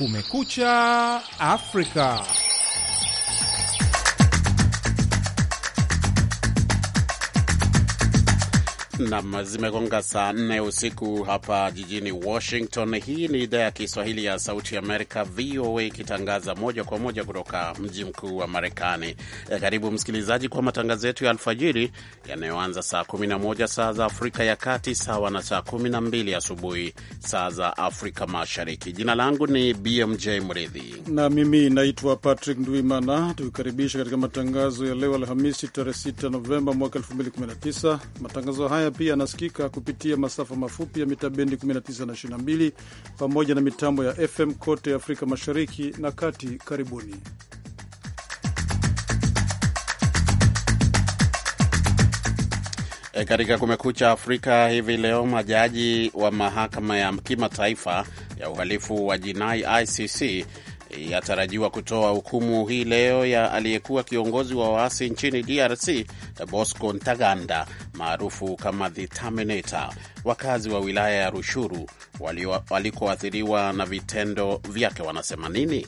Kumekucha África. Nam, zimegonga saa nne usiku hapa jijini Washington. Hii ni idhaa ya Kiswahili ya Sauti Amerika, VOA, ikitangaza moja kwa moja kutoka mji mkuu wa Marekani. E, karibu msikilizaji kwa matangazo yetu ya alfajiri yanayoanza saa 11 saa za Afrika ya Kati, sawa na saa 12 asubuhi saa za Afrika Mashariki. Jina langu ni BMJ Mridhi na mimi naitwa Patrick Ndwimana. Tukikaribisha katika matangazo ya leo Alhamisi tarehe 6 Novemba mwaka 2019. Matangazo haya pia yanasikika kupitia masafa mafupi ya mita bendi 19 na 22 pamoja na mitambo ya FM kote Afrika Mashariki na Kati. Karibuni. E, katika Kumekucha Afrika hivi leo, majaji wa mahakama ya kimataifa ya uhalifu wa jinai ICC yatarajiwa kutoa hukumu hii leo ya aliyekuwa kiongozi wa waasi nchini DRC Bosco Ntaganda maarufu kama The Terminator. Wakazi wa wilaya ya Rushuru walikoathiriwa na vitendo vyake wanasema nini?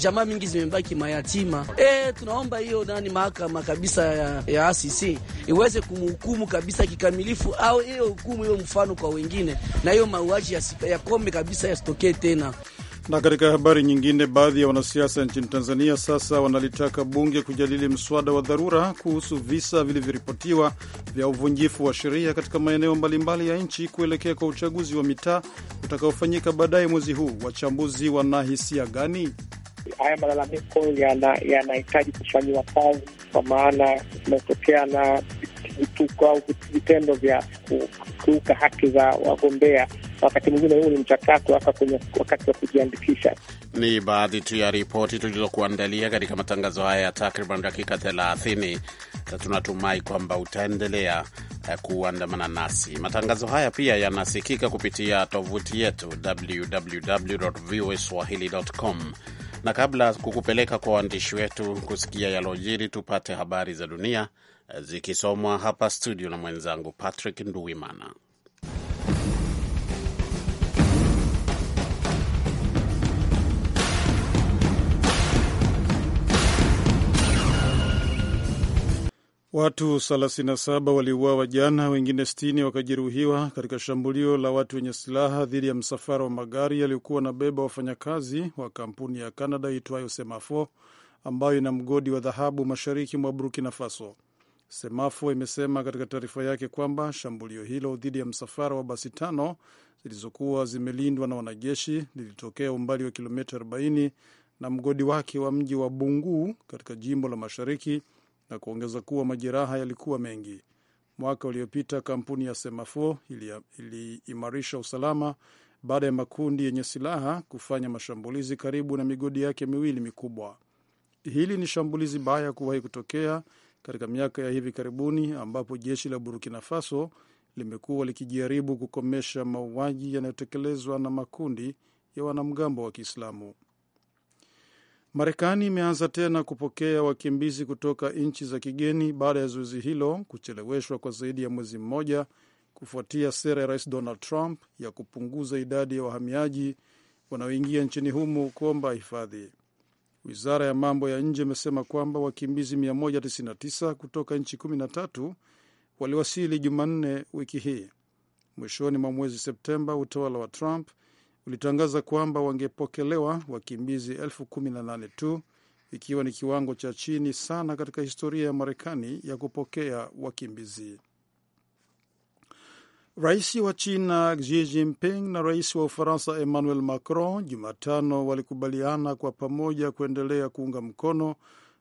Jamaa mingi zimebaki mayatima. E, tunaomba hiyo nani mahakama kabisa ya, ya ACC iweze kumhukumu kabisa kikamilifu, au hiyo hukumu hiyo mfano kwa wengine, na hiyo mauaji ya, ya kombe kabisa yasitokee tena. Na katika habari nyingine, baadhi ya wanasiasa nchini Tanzania sasa wanalitaka bunge kujadili mswada wa dharura kuhusu visa vilivyoripotiwa vya uvunjifu wa sheria katika maeneo mbalimbali ya nchi kuelekea kwa uchaguzi wa mitaa utakaofanyika baadaye mwezi huu. Wachambuzi wana hisia gani? Haya malalamiko yanahitaji yana kufanyiwa kazi, kwa maana kumetokea na vituko au vitendo vya kukiuka haki za wagombea wakati mwingine huu ni mchakato hasa kwenye wakati wa kujiandikisha. Ni baadhi tu ya ripoti tulizokuandalia katika matangazo haya ya takriban dakika 30. Tunatumai kwamba utaendelea eh, kuandamana nasi. Matangazo haya pia yanasikika kupitia tovuti yetu www.voaswahili.com na kabla kukupeleka kwa waandishi wetu kusikia yalojiri, tupate habari za dunia eh, zikisomwa hapa studio na mwenzangu Patrick Nduwimana. Watu 37 waliuawa jana, wengine 60 wakajeruhiwa katika shambulio la watu wenye silaha dhidi ya msafara wa magari yaliyokuwa wanabeba wafanyakazi wa kampuni ya Canada itwayo Semafo ambayo ina mgodi wa dhahabu mashariki mwa Burkina Faso. Semafo imesema katika taarifa yake kwamba shambulio hilo dhidi ya msafara wa basi tano zilizokuwa zimelindwa na wanajeshi lilitokea umbali wa kilomita 40 na mgodi wake wa mji wa Bungu katika jimbo la mashariki na kuongeza kuwa majeraha yalikuwa mengi. Mwaka uliopita kampuni ya Semafor iliimarisha ili usalama baada ya makundi yenye silaha kufanya mashambulizi karibu na migodi yake miwili mikubwa. Hili ni shambulizi baya kuwahi kutokea katika miaka ya hivi karibuni, ambapo jeshi la Burkina Faso limekuwa likijaribu kukomesha mauaji yanayotekelezwa na makundi ya wanamgambo wa Kiislamu. Marekani imeanza tena kupokea wakimbizi kutoka nchi za kigeni baada ya zoezi hilo kucheleweshwa kwa zaidi ya mwezi mmoja kufuatia sera ya Rais Donald Trump ya kupunguza idadi ya wahamiaji wanaoingia nchini humo kuomba hifadhi. Wizara ya mambo ya nje imesema kwamba wakimbizi 199 kutoka nchi 13 waliwasili Jumanne wiki hii. Mwishoni mwa mwezi Septemba, utawala wa Trump ulitangaza kwamba wangepokelewa wakimbizi elfu kumi na nane tu ikiwa ni kiwango cha chini sana katika historia ya Marekani ya kupokea wakimbizi. Rais wa China Xi Jinping na rais wa Ufaransa Emmanuel Macron Jumatano walikubaliana kwa pamoja kuendelea kuunga mkono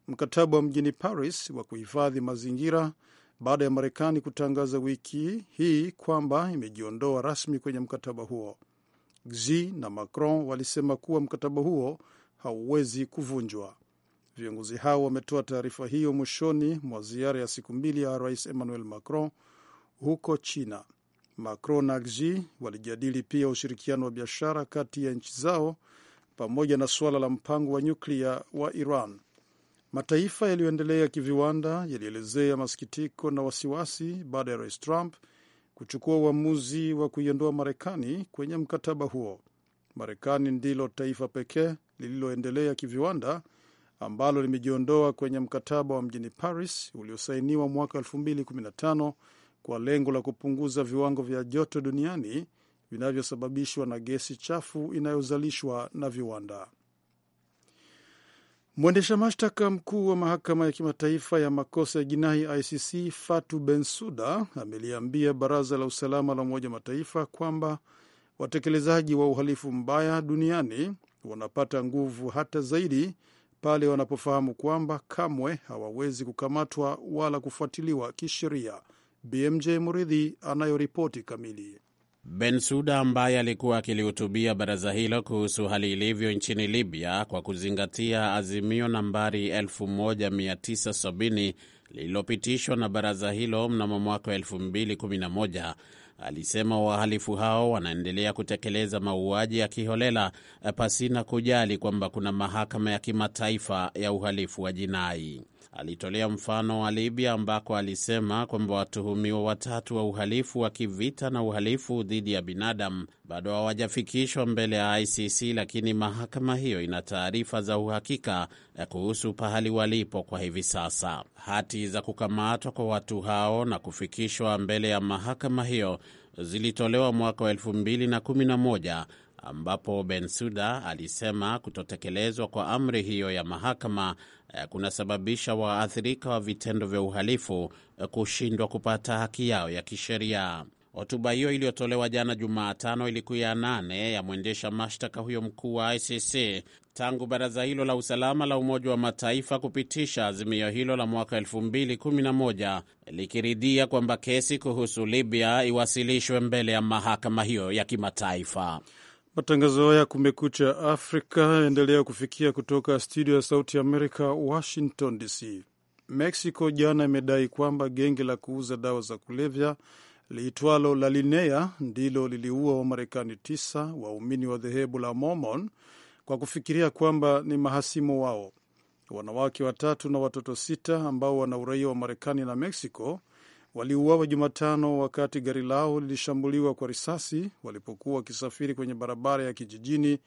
mkataba wa mjini Paris wa kuhifadhi mazingira baada ya Marekani kutangaza wiki hii kwamba imejiondoa rasmi kwenye mkataba huo. Xi na Macron walisema kuwa mkataba huo hauwezi kuvunjwa. Viongozi hao wametoa taarifa hiyo mwishoni mwa ziara ya siku mbili ya Rais Emmanuel Macron huko China. Macron na Xi walijadili pia ushirikiano wa biashara kati ya nchi zao pamoja na suala la mpango wa nyuklia wa Iran. Mataifa yaliyoendelea kiviwanda yalielezea masikitiko na wasiwasi baada ya Rais Trump kuchukua uamuzi wa kuiondoa Marekani kwenye mkataba huo. Marekani ndilo taifa pekee lililoendelea kiviwanda ambalo limejiondoa kwenye mkataba wa mjini Paris uliosainiwa mwaka 2015 kwa lengo la kupunguza viwango vya joto duniani vinavyosababishwa na gesi chafu inayozalishwa na viwanda. Mwendesha mashtaka mkuu wa mahakama ya kimataifa ya makosa ya jinai ICC Fatu Bensuda ameliambia baraza la usalama la Umoja Mataifa kwamba watekelezaji wa uhalifu mbaya duniani wanapata nguvu hata zaidi pale wanapofahamu kwamba kamwe hawawezi kukamatwa wala kufuatiliwa kisheria. BMJ Muridhi anayoripoti kamili. Bensuda ambaye alikuwa akilihutubia baraza hilo kuhusu hali ilivyo nchini Libya kwa kuzingatia azimio nambari 1970 lililopitishwa na baraza hilo mnamo mwaka 2011 alisema wahalifu hao wanaendelea kutekeleza mauaji ya kiholela pasina kujali kwamba kuna mahakama ya kimataifa ya uhalifu wa jinai. Alitolea mfano wa Libya ambako alisema kwamba watuhumiwa watatu wa uhalifu wa kivita na uhalifu dhidi ya binadamu bado hawajafikishwa mbele ya ICC, lakini mahakama hiyo ina taarifa za uhakika eh, kuhusu pahali walipo kwa hivi sasa. Hati za kukamatwa kwa watu hao na kufikishwa mbele ya mahakama hiyo zilitolewa mwaka wa moja ambapo Bensuda alisema kutotekelezwa kwa amri hiyo ya mahakama Eh, kunasababisha waathirika wa vitendo vya uhalifu eh, kushindwa kupata haki yao ya kisheria. Hotuba hiyo iliyotolewa jana Jumatano ilikuwa ya nane ya mwendesha mashtaka huyo mkuu wa ICC tangu baraza hilo la usalama la Umoja wa Mataifa kupitisha azimio hilo la mwaka 2011 likiridhia kwamba kesi kuhusu Libya iwasilishwe mbele ya mahakama hiyo ya kimataifa. Matangazo haya Kumekucha Afrika yaendelea kufikia kutoka studio ya Sauti ya Amerika, Washington DC. Mexico jana imedai kwamba genge la kuuza dawa za kulevya liitwalo La Linea ndilo liliua Wamarekani tisa waumini wa dhehebu la Mormon kwa kufikiria kwamba ni mahasimu wao. Wanawake watatu na watoto sita ambao wana uraia wa Marekani na Mexico waliuawa Jumatano wakati gari lao lilishambuliwa kwa risasi walipokuwa wakisafiri kwenye barabara ya kijijini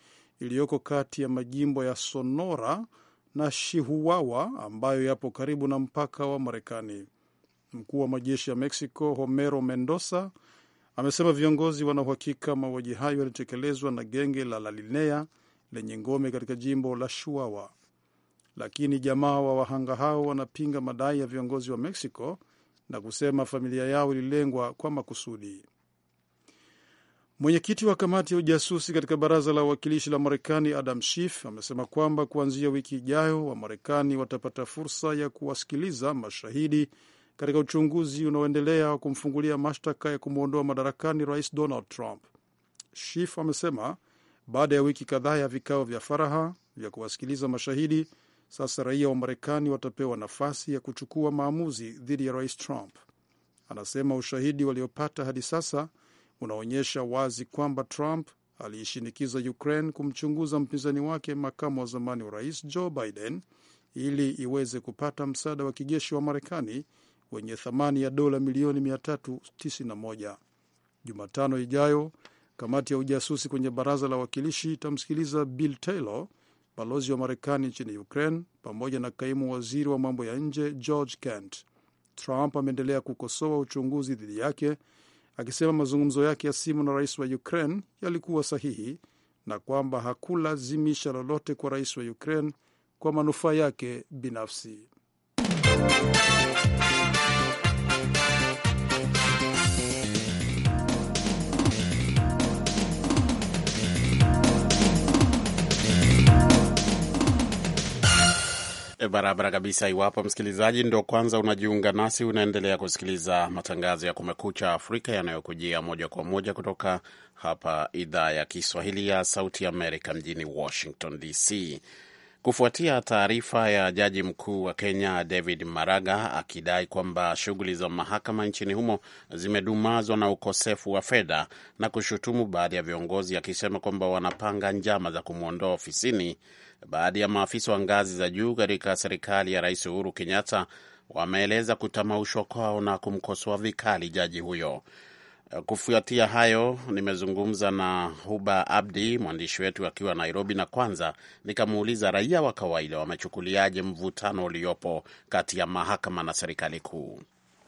iliyoko kati ya majimbo ya Sonora na shihuawa ambayo yapo karibu na mpaka wa Marekani. Mkuu wa majeshi ya Mexico Homero Mendoza amesema viongozi wanauhakika mauaji hayo yalitekelezwa na genge la Lalinea lenye ngome katika jimbo la shuawa lakini jamaa wa wahanga hao wanapinga madai ya viongozi wa Mexico na kusema familia yao ililengwa kwa makusudi. Mwenyekiti wa kamati ya ujasusi katika baraza la wawakilishi la Marekani, Adam Schiff, amesema kwamba kuanzia wiki ijayo Wamarekani watapata fursa ya kuwasikiliza mashahidi katika uchunguzi unaoendelea wa kumfungulia mashtaka ya kumwondoa madarakani rais Donald Trump. Schiff amesema baada ya wiki kadhaa ya vikao vya faraha vya kuwasikiliza mashahidi sasa raia wa Marekani watapewa nafasi ya kuchukua maamuzi dhidi ya rais Trump. Anasema ushahidi waliopata hadi sasa unaonyesha wazi kwamba Trump aliishinikiza Ukraine kumchunguza mpinzani wake, makamu wa zamani wa rais Joe Biden, ili iweze kupata msaada wa kijeshi wa Marekani wenye thamani ya dola milioni 391. Jumatano ijayo kamati ya ujasusi kwenye baraza la wawakilishi itamsikiliza Bill Taylor balozi wa Marekani nchini Ukraine pamoja na kaimu waziri wa mambo ya nje George Kent. Trump ameendelea kukosoa uchunguzi dhidi yake akisema mazungumzo yake ya simu na rais wa Ukraine yalikuwa sahihi na kwamba hakulazimisha lolote kwa rais wa Ukraine kwa manufaa yake binafsi. Eh, barabara kabisa. Iwapo msikilizaji ndio kwanza unajiunga nasi, unaendelea kusikiliza matangazo ya Kumekucha Afrika yanayokujia moja kwa moja kutoka hapa idhaa ya Kiswahili ya Sauti Amerika mjini Washington DC. Kufuatia taarifa ya jaji mkuu wa Kenya David Maraga akidai kwamba shughuli za mahakama nchini humo zimedumazwa na ukosefu wa fedha na kushutumu baadhi ya viongozi akisema kwamba wanapanga njama za kumwondoa ofisini, Baadhi ya maafisa wa ngazi za juu katika serikali ya Rais Uhuru Kenyatta wameeleza kutamaushwa kwao na kumkosoa vikali jaji huyo. Kufuatia hayo, nimezungumza na Huba Abdi, mwandishi wetu akiwa Nairobi, na kwanza nikamuuliza raia wa kawaida wamechukuliaje mvutano uliopo kati ya mahakama na serikali kuu.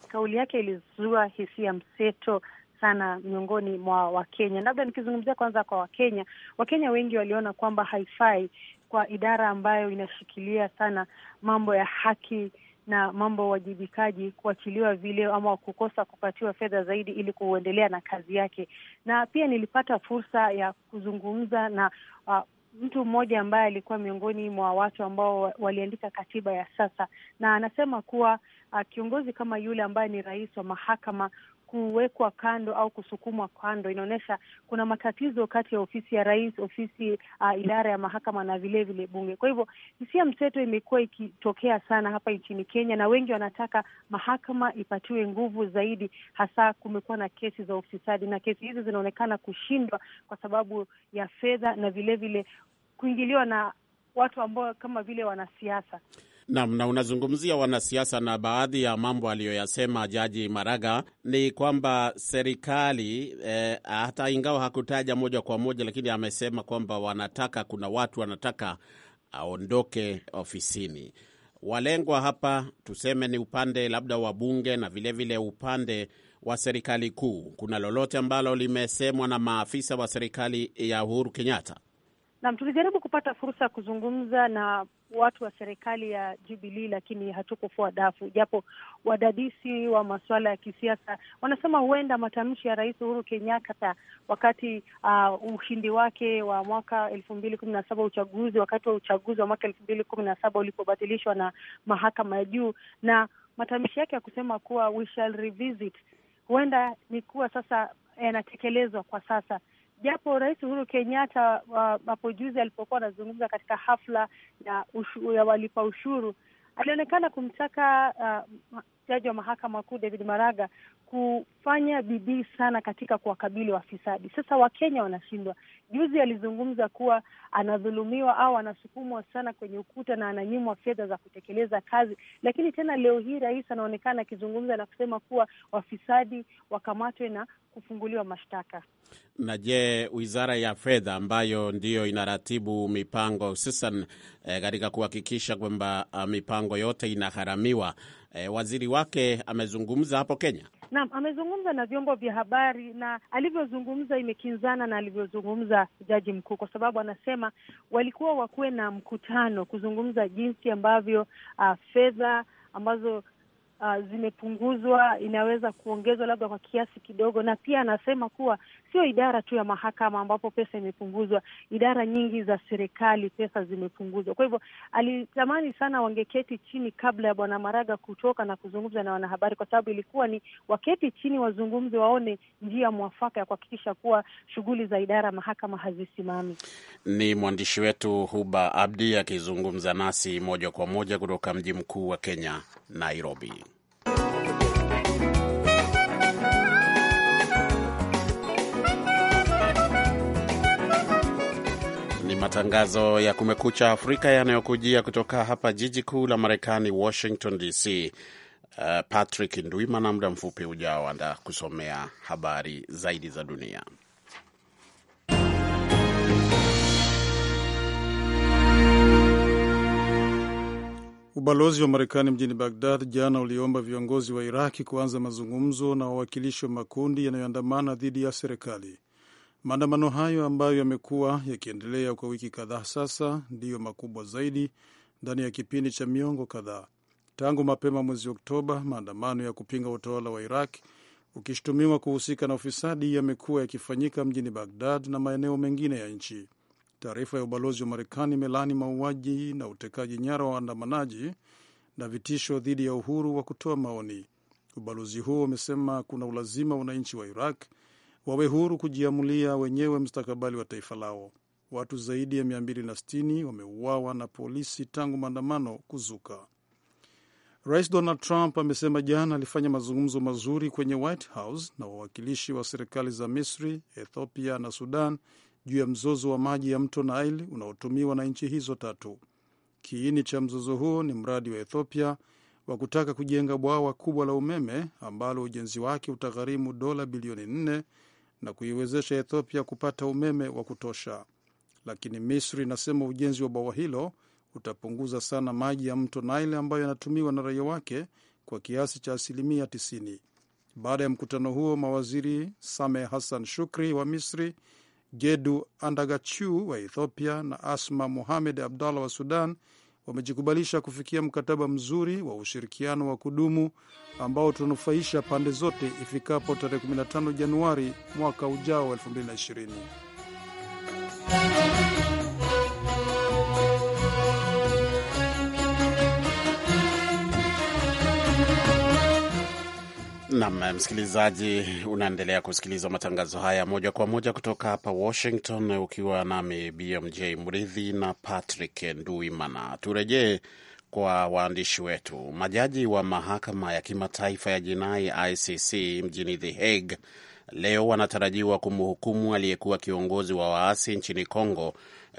Kauli yake ilizua hisia mseto sana miongoni mwa Wakenya. Labda nikizungumzia kwanza kwa Wakenya, Wakenya wengi waliona kwamba haifai kwa idara ambayo inashikilia sana mambo ya haki na mambo ya uwajibikaji kuachiliwa vileo ama kukosa kupatiwa fedha zaidi ili kuendelea na kazi yake. Na pia nilipata fursa ya kuzungumza na uh, mtu mmoja ambaye alikuwa miongoni mwa watu ambao waliandika katiba ya sasa, na anasema kuwa uh, kiongozi kama yule ambaye ni rais wa mahakama kuwekwa kando au kusukumwa kando, inaonyesha kuna matatizo kati ya ofisi ya rais, ofisi uh, idara ya mahakama na vilevile bunge. Kwa hivyo hisia mseto imekuwa ikitokea sana hapa nchini Kenya, na wengi wanataka mahakama ipatiwe nguvu zaidi, hasa kumekuwa na kesi za ufisadi, na kesi hizi zinaonekana kushindwa kwa sababu ya fedha na vilevile kuingiliwa na watu ambao kama vile wanasiasa. Nam, na unazungumzia wanasiasa na baadhi ya mambo aliyoyasema Jaji Maraga ni kwamba serikali eh, hata ingawa hakutaja moja kwa moja, lakini amesema kwamba wanataka, kuna watu wanataka aondoke ofisini. Walengwa hapa tuseme ni upande labda wa bunge na vilevile vile upande wa serikali kuu. Kuna lolote ambalo limesemwa na maafisa wa serikali ya Uhuru Kenyatta? Naam, tulijaribu kupata fursa ya kuzungumza na watu wa serikali ya Jubilii lakini hatukufua dafu, japo wadadisi wa masuala ya kisiasa wanasema huenda matamshi ya Rais Uhuru Kenyatta wakati uh, ushindi wake wa mwaka elfu mbili kumi na saba uchaguzi wakati wa uchaguzi wa mwaka elfu mbili kumi na saba ulipobatilishwa na mahakama ya juu na matamshi yake ya kusema kuwa we shall revisit, huenda ni kuwa sasa yanatekelezwa kwa sasa japo Rais Uhuru Kenyatta hapo uh, juzi alipokuwa anazungumza katika hafla ya, ushu, ya walipa ushuru alionekana kumtaka uh, jaji wa mahakama kuu David Maraga kufanya bidii sana katika kuwakabili wafisadi. Sasa Wakenya wanashindwa. Juzi alizungumza kuwa anadhulumiwa au anasukumwa sana kwenye ukuta na ananyimwa fedha za kutekeleza kazi, lakini tena leo hii rais anaonekana akizungumza na kusema kuwa wafisadi wakamatwe na kufunguliwa mashtaka. Na je, wizara ya fedha ambayo ndiyo inaratibu mipango hususan eh, katika eh, kuhakikisha kwamba ah, mipango yote inagharamiwa eh, waziri wake amezungumza hapo Kenya? Naam, amezungumza na vyombo vya habari na alivyozungumza imekinzana na alivyozungumza jaji mkuu, kwa sababu anasema walikuwa wakuwe na mkutano kuzungumza jinsi ambavyo uh, fedha ambazo Uh, zimepunguzwa inaweza kuongezwa labda kwa kiasi kidogo, na pia anasema kuwa sio idara tu ya mahakama ambapo pesa imepunguzwa, idara nyingi za serikali pesa zimepunguzwa. Kwa hivyo alitamani sana wangeketi chini kabla ya Bwana Maraga kutoka na kuzungumza na wanahabari, kwa sababu ilikuwa ni waketi chini, wazungumze, waone njia mwafaka ya kuhakikisha kuwa shughuli za idara ya mahakama hazisimami. Ni mwandishi wetu Huba Abdi akizungumza nasi moja kwa moja kutoka mji mkuu wa Kenya, Nairobi. matangazo ya Kumekucha Afrika yanayokujia kutoka hapa jiji kuu la Marekani, Washington DC. Uh, Patrick Ndwima na muda mfupi ujao anda kusomea habari zaidi za dunia. Ubalozi wa Marekani mjini Bagdad jana uliomba viongozi wa Iraki kuanza mazungumzo na wawakilishi wa makundi yanayoandamana dhidi ya serikali. Maandamano hayo ambayo yamekuwa yakiendelea kwa wiki kadhaa sasa ndiyo makubwa zaidi ndani ya kipindi cha miongo kadhaa tangu mapema mwezi Oktoba. Maandamano ya kupinga utawala wa Iraq ukishutumiwa kuhusika na ufisadi yamekuwa yakifanyika mjini Bagdad na maeneo mengine ya nchi. Taarifa ya ubalozi wa Marekani imelaani mauaji na utekaji nyara wa waandamanaji na vitisho dhidi ya uhuru wa kutoa maoni. Ubalozi huo umesema kuna ulazima wananchi wa Iraq wawe huru kujiamulia wenyewe mstakabali wa taifa lao. Watu zaidi ya 260 wameuawa na polisi tangu maandamano kuzuka. Rais Donald Trump amesema jana alifanya mazungumzo mazuri kwenye White House na wawakilishi wa serikali za Misri, Ethiopia na Sudan juu ya mzozo wa maji ya mto Nile unaotumiwa na nchi hizo tatu. Kiini cha mzozo huo ni mradi wa Ethiopia wa kutaka kujenga bwawa kubwa la umeme ambalo ujenzi wake utagharimu dola bilioni nne na kuiwezesha Ethiopia kupata umeme wa kutosha, lakini Misri inasema ujenzi wa bwawa hilo utapunguza sana maji ya mto Nile ambayo yanatumiwa na raia wake kwa kiasi cha asilimia 90. Baada ya mkutano huo, mawaziri Sameh Hassan Shukri wa Misri, Gedu Andagachu wa Ethiopia na Asma muhamed Abdallah wa Sudan wamejikubalisha kufikia mkataba mzuri wa ushirikiano wa kudumu ambao utanufaisha pande zote ifikapo tarehe 15 Januari mwaka ujao 2020. Nam msikilizaji, unaendelea kusikiliza matangazo haya moja kwa moja kutoka hapa Washington, ukiwa nami BMJ Mridhi na Patrick Nduimana. Turejee kwa waandishi wetu. Majaji wa mahakama ya kimataifa ya jinai ICC mjini The Hague leo wanatarajiwa kumhukumu aliyekuwa kiongozi wa waasi nchini Kongo,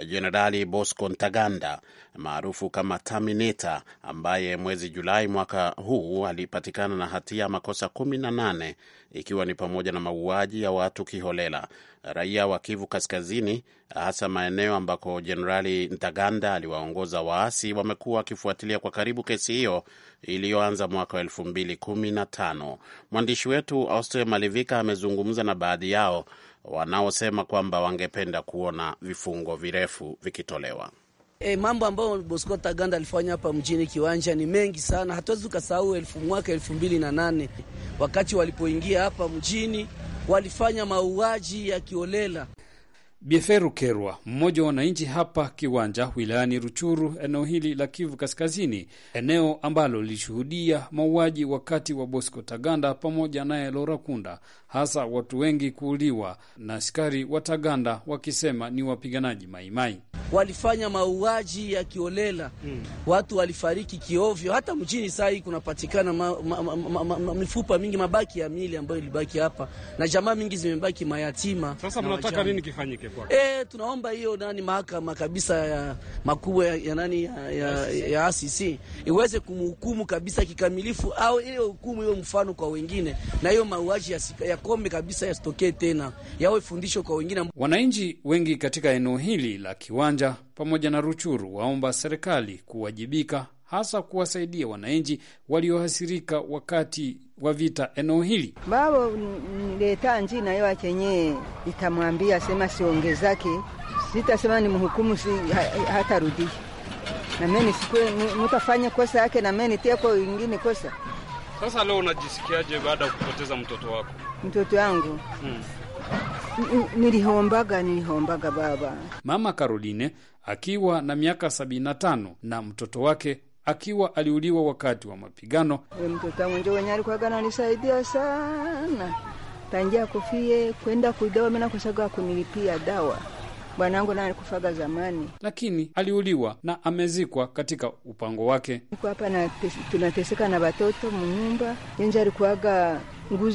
Jenerali Bosco Ntaganda maarufu kama tamineta ambaye mwezi Julai mwaka huu alipatikana na hatia ya makosa 18 ikiwa ni pamoja na mauaji ya watu kiholela raia wa Kivu Kaskazini, hasa maeneo ambako Jenerali Ntaganda aliwaongoza waasi, wamekuwa wakifuatilia kwa karibu kesi hiyo iliyoanza mwaka wa elfu mbili kumi na tano. Mwandishi wetu Austel Malivika amezungumza na baadhi yao wanaosema kwamba wangependa kuona vifungo virefu vikitolewa. E, mambo ambayo Bosco Ntaganda alifanya hapa mjini Kiwanja ni mengi sana, hatuwezi tukasahau elfu mwaka elfu mbili na nane wakati walipoingia hapa mjini walifanya mauaji ya kiolela. Bieferu Kerwa, mmoja wa wananchi hapa Kiwanja wilayani Ruchuru, eneo hili la Kivu Kaskazini, eneo ambalo lilishuhudia mauaji wakati wa Bosco Taganda pamoja naye Lora Kunda, hasa watu wengi kuuliwa na askari wa Taganda wakisema ni wapiganaji Maimai. Walifanya mauaji ya kiolela hmm. Watu walifariki kiovyo, hata mjini saa hii kunapatikana ma, ma, ma, ma, ma, ma, mifupa mingi, mabaki ya mili ambayo ilibaki hapa, na jamaa mingi zimebaki mayatima. Sasa mnataka nini kifanyike? kupelekwa. E, eh, tunaomba hiyo nani mahakama kabisa ya makubwa ya, ya nani ya, ya, ya ACC iweze kumhukumu kabisa kikamilifu, au ile hukumu hiyo mfano kwa wengine, na hiyo mauaji ya ya kabisa yasitokee tena, yawe fundisho kwa wengine. Wananchi wengi katika eneo hili la Kiwanja pamoja na Ruchuru waomba serikali kuwajibika hasa kuwasaidia wananchi waliohasirika wakati wa vita eneo hili. Babo nileta nji na yo akenye itamwambia sema sionge zake sitasema ni mhukumu si, ha, rudi na mimi sikwe mutafanya kosa yake na mimi nitie kwa wengine kosa. Sasa leo unajisikiaje baada ya kupoteza mtoto wako? Mtoto wangu hmm. Nilihombaga, nilihombaga baba. Mama Caroline akiwa na miaka 75 na mtoto wake akiwa aliuliwa wakati wa mapigano. Mtoto wenye sana tangia kufie kwenda kunilipia dawa bwanangu naye alikufaga zamani, lakini aliuliwa na amezikwa katika upango wake. Niko hapa na tunateseka na watoto munyumba yenje, alikuwaga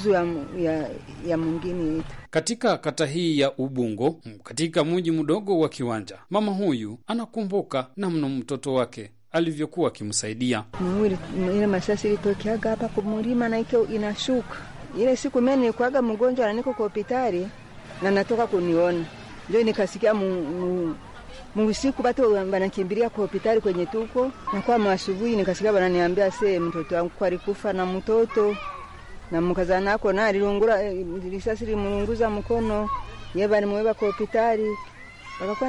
ya, ya, ya mwingine yetu katika kata hii ya Ubungo, katika mji mdogo wa Kiwanja. Mama huyu anakumbuka namno mtoto wake alivyokuwa akimsaidia. Ile masasi ilitokeaga hapa kumulima na inashuka. Ile siku mimi nilikuwaga mgonjwa na niko kwa hospitali na natoka kuniona, ndio nikasikia muusiku batu wanakimbilia kwa hospitali kwenye tuko, na kwa masubuhi nikasikia se mtoto wangu alikufa na mtoto na mkazana nako na alilungura risasi limulunguza mkono, yeye balimweba kwa hospitali,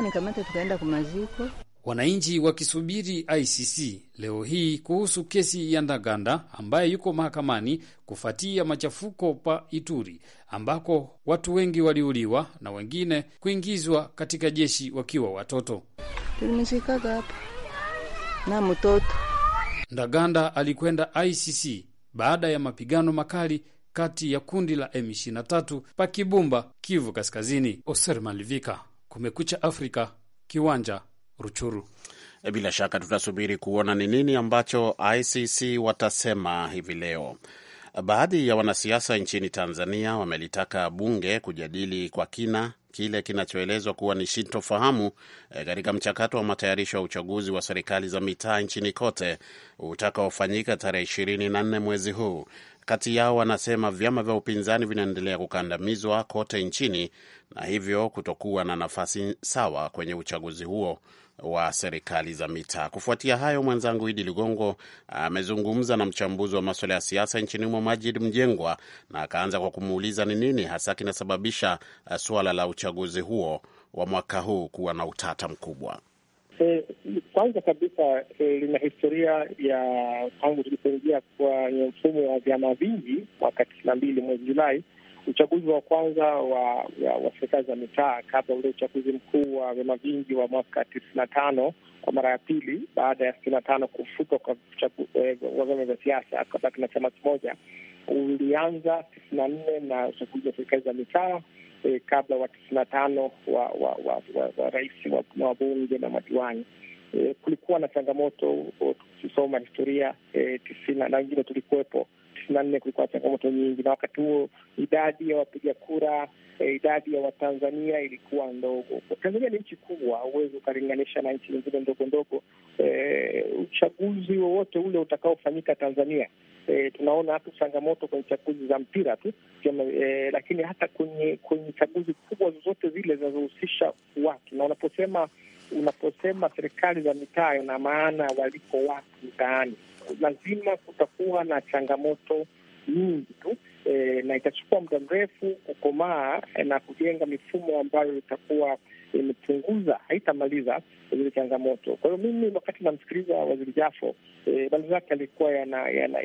nikamata tukaenda kumaziko wananchi wakisubiri ICC leo hii kuhusu kesi ya Ndaganda ambaye yuko mahakamani kufuatia machafuko pa Ituri ambako watu wengi waliuliwa na wengine kuingizwa katika jeshi wakiwa watoto. na mtoto Ndaganda alikwenda ICC baada ya mapigano makali kati ya kundi la M23 pa Kibumba, Kivu Kaskazini. Oser Malivika, Kumekucha Afrika, Kiwanja Ruchuru. E, bila shaka tutasubiri kuona ni nini ambacho ICC watasema hivi leo. Baadhi ya wanasiasa nchini Tanzania wamelitaka bunge kujadili kwa kina kile kinachoelezwa kuwa ni sintofahamu e, katika mchakato wa matayarisho ya uchaguzi wa serikali za mitaa nchini kote utakaofanyika tarehe ishirini na nne mwezi huu. Kati yao wanasema vyama vya upinzani vinaendelea kukandamizwa kote nchini na hivyo kutokuwa na nafasi sawa kwenye uchaguzi huo wa serikali za mitaa. Kufuatia hayo, mwenzangu Idi Ligongo amezungumza na mchambuzi wa maswala ya siasa nchini humo Majid Mjengwa, na akaanza kwa kumuuliza ni nini hasa kinasababisha eh, suala la uchaguzi huo wa mwaka huu kuwa na utata mkubwa. E, kwanza kabisa e, lina historia ya tangu tulipoingia kwenye mfumo wa vyama vingi mwaka tisini na mbili mwezi Julai uchaguzi wa kwanza wa, wa, wa serikali za mitaa kabla ule uchaguzi mkuu wa vyama vingi wa mwaka tisini na tano kwa mara ya pili baada ya sitini na tano kufutwa kwa eh, vyama vya siasa kabaki na chama kimoja ulianza tisini na nne na uchaguzi wa serikali za mitaa e, kabla wa tisini na tano wa, wa, wa, wa, wa rais wa, na wabunge na madiwani. E, kulikuwa na changamoto oh, tukisoma historia e, tisini na wengine tulikuwepo tisini na nne kulikuwa na changamoto nyingi, na wakati huo idadi ya wapiga kura eh, idadi ya Watanzania ilikuwa ndogo. Tanzania ni nchi kubwa, huwezi ukalinganisha na nchi nyingine ndogo ndogo. Eh, uchaguzi wowote ule utakaofanyika Tanzania E, tunaona hata changamoto kwenye chaguzi za mpira tu e, lakini hata kwenye kwenye chaguzi kubwa zozote zile zinazohusisha watu, na unaposema unaposema serikali za mitaa, ina maana waliko watu mtaani lazima kutakuwa na changamoto nyingi tu e, na itachukua muda mrefu kukomaa e, na kujenga mifumo ambayo itakuwa imepunguza, haitamaliza zile changamoto. Kwa hiyo mimi, wakati namsikiliza Waziri Jafo, e, bali zake alikuwa yanajitosheleza,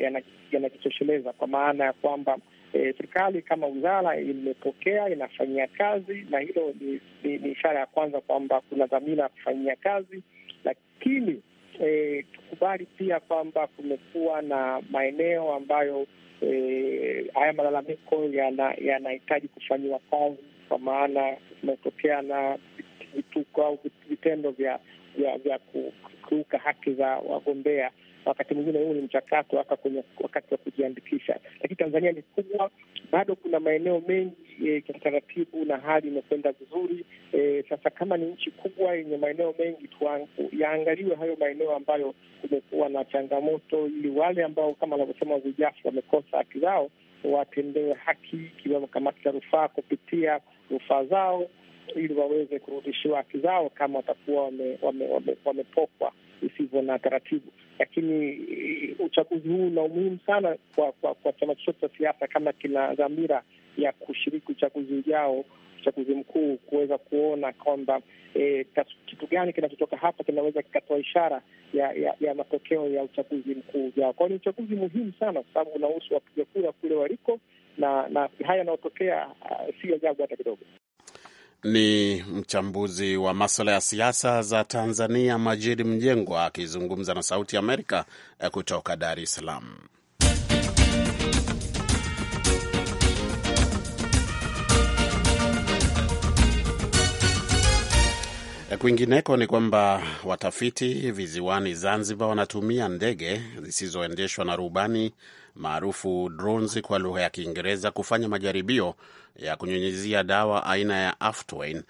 yana, yana kwa maana ya kwamba e, serikali kama wizara imepokea inafanyia kazi, na hilo ni ishara ya kwanza kwamba kuna dhamira ya kufanyia kazi, lakini e, tukubali pia kwamba kumekuwa na maeneo ambayo e, haya malalamiko yanahitaji yana kufanyiwa kazi, kwa maana kumetokea na vituko au vitendo vya vya kukiuka haki za wagombea wakati mwingine huu ni mchakato hata kwenye wakati wa kujiandikisha. Lakini Tanzania ni kubwa, bado kuna maeneo mengi e, kiutaratibu na hali imekwenda vizuri e. Sasa kama ni nchi kubwa yenye maeneo mengi, yaangaliwe hayo maeneo ambayo kumekuwa na changamoto, ili wale ambao kama wanavyosema vijafu wamekosa haki zao watendewe haki, ikiwemo kamati za rufaa kupitia rufaa zao ili waweze kurudishiwa haki zao kama watakuwa wamepokwa wame, wame, wame isivyo na taratibu. Lakini eh, uchaguzi huu una umuhimu sana kwa kwa, kwa chama chochote cha siasa kama kina dhamira ya kushiriki uchaguzi ujao, uchaguzi mkuu, kuweza kuona kwamba e, kitu gani kinachotoka hapa kinaweza kikatoa ishara ya, ya, ya matokeo ya uchaguzi mkuu ujao. Kwao ni uchaguzi muhimu sana, kwa sababu unahusu wapiga kura kule waliko na na haya yanayotokea uh, ah, si ajabu hata kidogo. Ni mchambuzi wa maswala ya siasa za Tanzania, Majidi Mjengwa akizungumza na Sauti ya Amerika eh, kutoka Dar es Salaam. Eh, kwingineko ni kwamba watafiti viziwani Zanzibar wanatumia ndege zisizoendeshwa na rubani maarufu drones kwa lugha ya Kiingereza kufanya majaribio ya kunyunyizia dawa aina ya Aftwain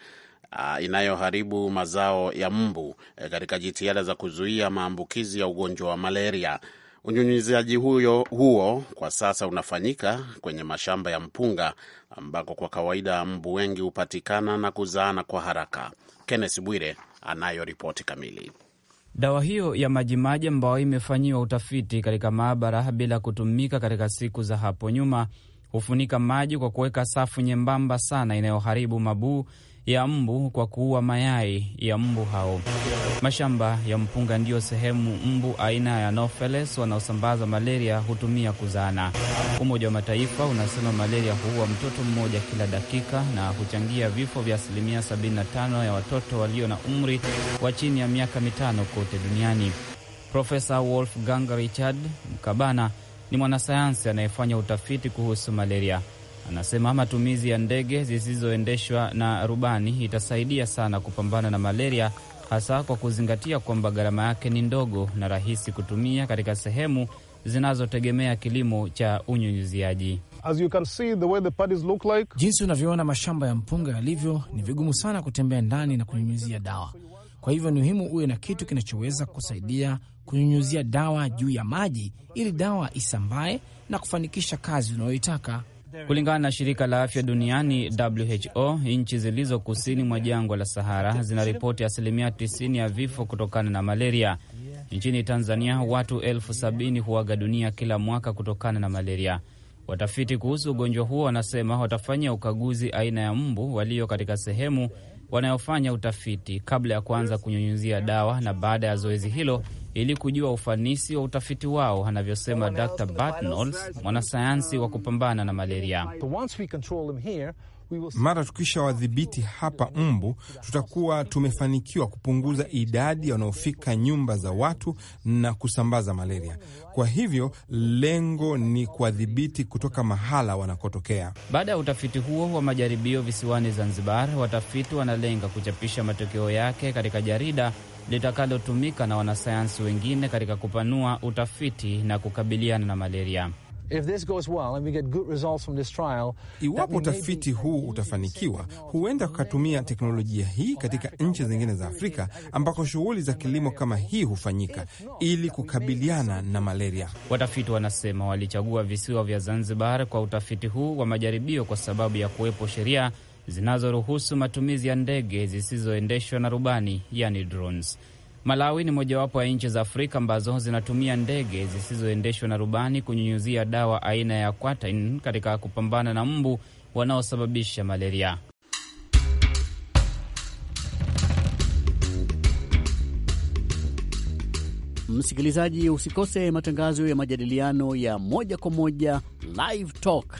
uh, inayoharibu mazao ya mbu uh, katika jitihada za kuzuia maambukizi ya ugonjwa wa malaria. Unyunyiziaji huyo huo kwa sasa unafanyika kwenye mashamba ya mpunga ambako kwa kawaida mbu wengi hupatikana na kuzaana kwa haraka. Kenneth Bwire anayo ripoti kamili. Dawa hiyo ya majimaji ambayo imefanyiwa utafiti katika maabara bila kutumika katika siku za hapo nyuma hufunika maji kwa kuweka safu nyembamba sana inayoharibu mabuu ya mbu kwa kuua mayai ya mbu hao. Mashamba ya mpunga ndiyo sehemu mbu aina ya Anopheles wanaosambaza malaria hutumia kuzaana. Umoja wa Mataifa unasema malaria huua mtoto mmoja kila dakika na huchangia vifo vya asilimia 75 ya watoto walio na umri wa chini ya miaka mitano kote duniani. Profesa Wolfgang Richard Mkabana ni mwanasayansi anayefanya utafiti kuhusu malaria. Anasema matumizi ya ndege zisizoendeshwa na rubani itasaidia sana kupambana na malaria, hasa kwa kuzingatia kwamba gharama yake ni ndogo na rahisi kutumia katika sehemu zinazotegemea kilimo cha unyunyuziaji. Like... jinsi unavyoona mashamba ya mpunga yalivyo, ni vigumu sana kutembea ndani na kunyunyuzia dawa. Kwa hivyo ni muhimu uwe na kitu kinachoweza kusaidia kunyunyuzia dawa juu ya maji ili dawa isambae na kufanikisha kazi unayoitaka. Kulingana na shirika la afya duniani WHO, nchi zilizo kusini mwa jangwa la Sahara zinaripoti asilimia 90 ya vifo kutokana na malaria. Nchini Tanzania, watu elfu sabini huaga dunia kila mwaka kutokana na malaria. Watafiti kuhusu ugonjwa huo wanasema watafanya ukaguzi aina ya mbu walio katika sehemu wanayofanya utafiti kabla ya kuanza kunyunyuzia dawa, na baada ya zoezi hilo ili kujua ufanisi wa utafiti wao, anavyosema Dr. Bartels, mwanasayansi wa um, kupambana na malaria. Mara tukisha wadhibiti hapa mbu, tutakuwa tumefanikiwa kupunguza idadi wanaofika nyumba za watu na kusambaza malaria. Kwa hivyo lengo ni kuwadhibiti kutoka mahala wanakotokea. Baada ya utafiti huo wa majaribio visiwani Zanzibar, watafiti wanalenga kuchapisha matokeo yake katika jarida litakalotumika na wanasayansi wengine katika kupanua utafiti na kukabiliana na malaria. Iwapo utafiti huu utafanikiwa, huenda kukatumia teknolojia hii katika nchi zingine za Afrika ambako shughuli za kilimo kama hii hufanyika ili kukabiliana na malaria. Watafiti wanasema walichagua visiwa vya Zanzibar kwa utafiti huu wa majaribio kwa sababu ya kuwepo sheria zinazoruhusu matumizi ya ndege zisizoendeshwa na rubani, yani drones. Malawi ni mojawapo ya nchi za Afrika ambazo zinatumia ndege zisizoendeshwa na rubani kunyunyuzia dawa aina ya quatin katika kupambana na mbu wanaosababisha malaria. Msikilizaji, usikose matangazo ya majadiliano ya moja kwa moja Live Talk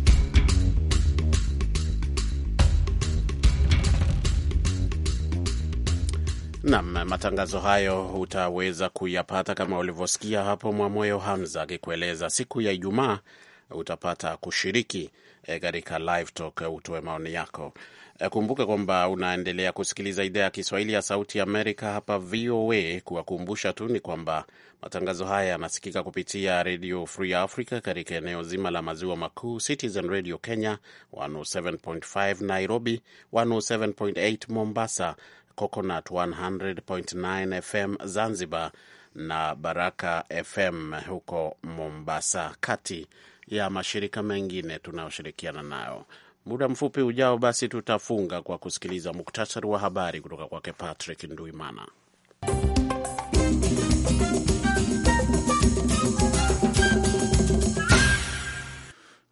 Nam, matangazo hayo utaweza kuyapata kama ulivyosikia hapo Mwamoyo Hamza akikueleza siku ya Ijumaa utapata kushiriki eh, katika live talk, eh, utoe maoni yako. Eh, kumbuka kwamba unaendelea kusikiliza idhaa ya Kiswahili ya Sauti ya Amerika hapa VOA. Kuwakumbusha tu ni kwamba matangazo haya yanasikika kupitia Redio Free Africa katika eneo zima la maziwa makuu, Citizen Radio Kenya 107.5 Nairobi, 107.8 Mombasa Coconut 100.9 FM Zanzibar na Baraka FM huko Mombasa, kati ya mashirika mengine tunayoshirikiana nayo. Muda mfupi ujao, basi tutafunga kwa kusikiliza muktasari wa habari kutoka kwake Patrick Nduimana.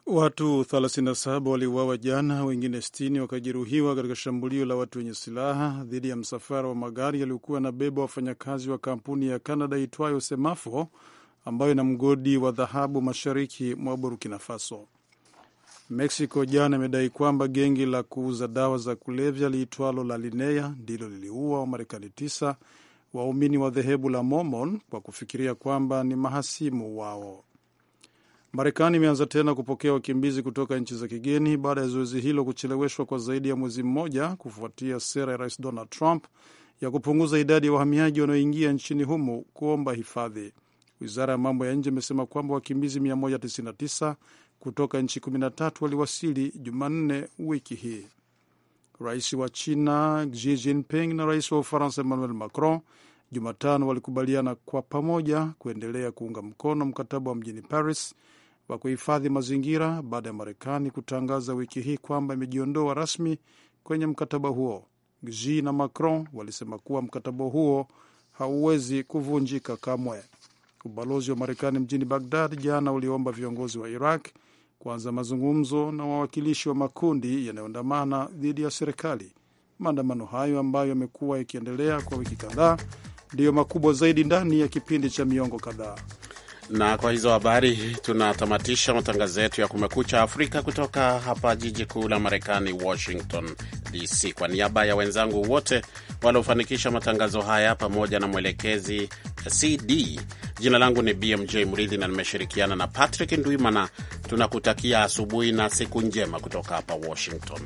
Watu 37 waliuawa jana, wengine 60 wakajeruhiwa katika shambulio la watu wenye silaha dhidi ya msafara wa magari yaliyokuwa yanabeba wafanyakazi wa kampuni ya canada itwayo Semafo ambayo ina mgodi wa dhahabu mashariki mwa Burkina Faso. Mexico jana imedai kwamba gengi la kuuza dawa za kulevya liitwalo La Linea ndilo liliua Wamarekani 9 waumini wa dhehebu la Mormon kwa kufikiria kwamba ni mahasimu wao. Marekani imeanza tena kupokea wakimbizi kutoka nchi za kigeni baada ya zoezi hilo kucheleweshwa kwa zaidi ya mwezi mmoja kufuatia sera ya Rais Donald Trump ya kupunguza idadi ya wahamiaji wanaoingia nchini humo kuomba hifadhi. Wizara ya mambo ya nje imesema kwamba wakimbizi 199 kutoka nchi 13 waliwasili Jumanne wiki hii. Rais wa China Xi Jinping na rais wa Ufaransa Emmanuel Macron Jumatano walikubaliana kwa pamoja kuendelea kuunga mkono mkataba wa mjini Paris wa kuhifadhi mazingira baada ya Marekani kutangaza wiki hii kwamba imejiondoa rasmi kwenye mkataba huo. Xi na Macron walisema kuwa mkataba huo hauwezi kuvunjika kamwe. Ubalozi wa Marekani mjini Bagdad jana uliomba viongozi wa Iraq kuanza mazungumzo na wawakilishi wa makundi yanayoandamana dhidi ya serikali. Maandamano hayo ambayo yamekuwa yakiendelea kwa wiki kadhaa ndiyo makubwa zaidi ndani ya kipindi cha miongo kadhaa. Na kwa hizo habari tunatamatisha matangazo yetu ya Kumekucha Afrika kutoka hapa jiji kuu la Marekani, Washington DC. Kwa niaba ya wenzangu wote waliofanikisha matangazo haya pamoja na mwelekezi CD, jina langu ni BMJ Mridhi na nimeshirikiana na Patrick Ndwimana. Tunakutakia asubuhi na siku njema kutoka hapa Washington.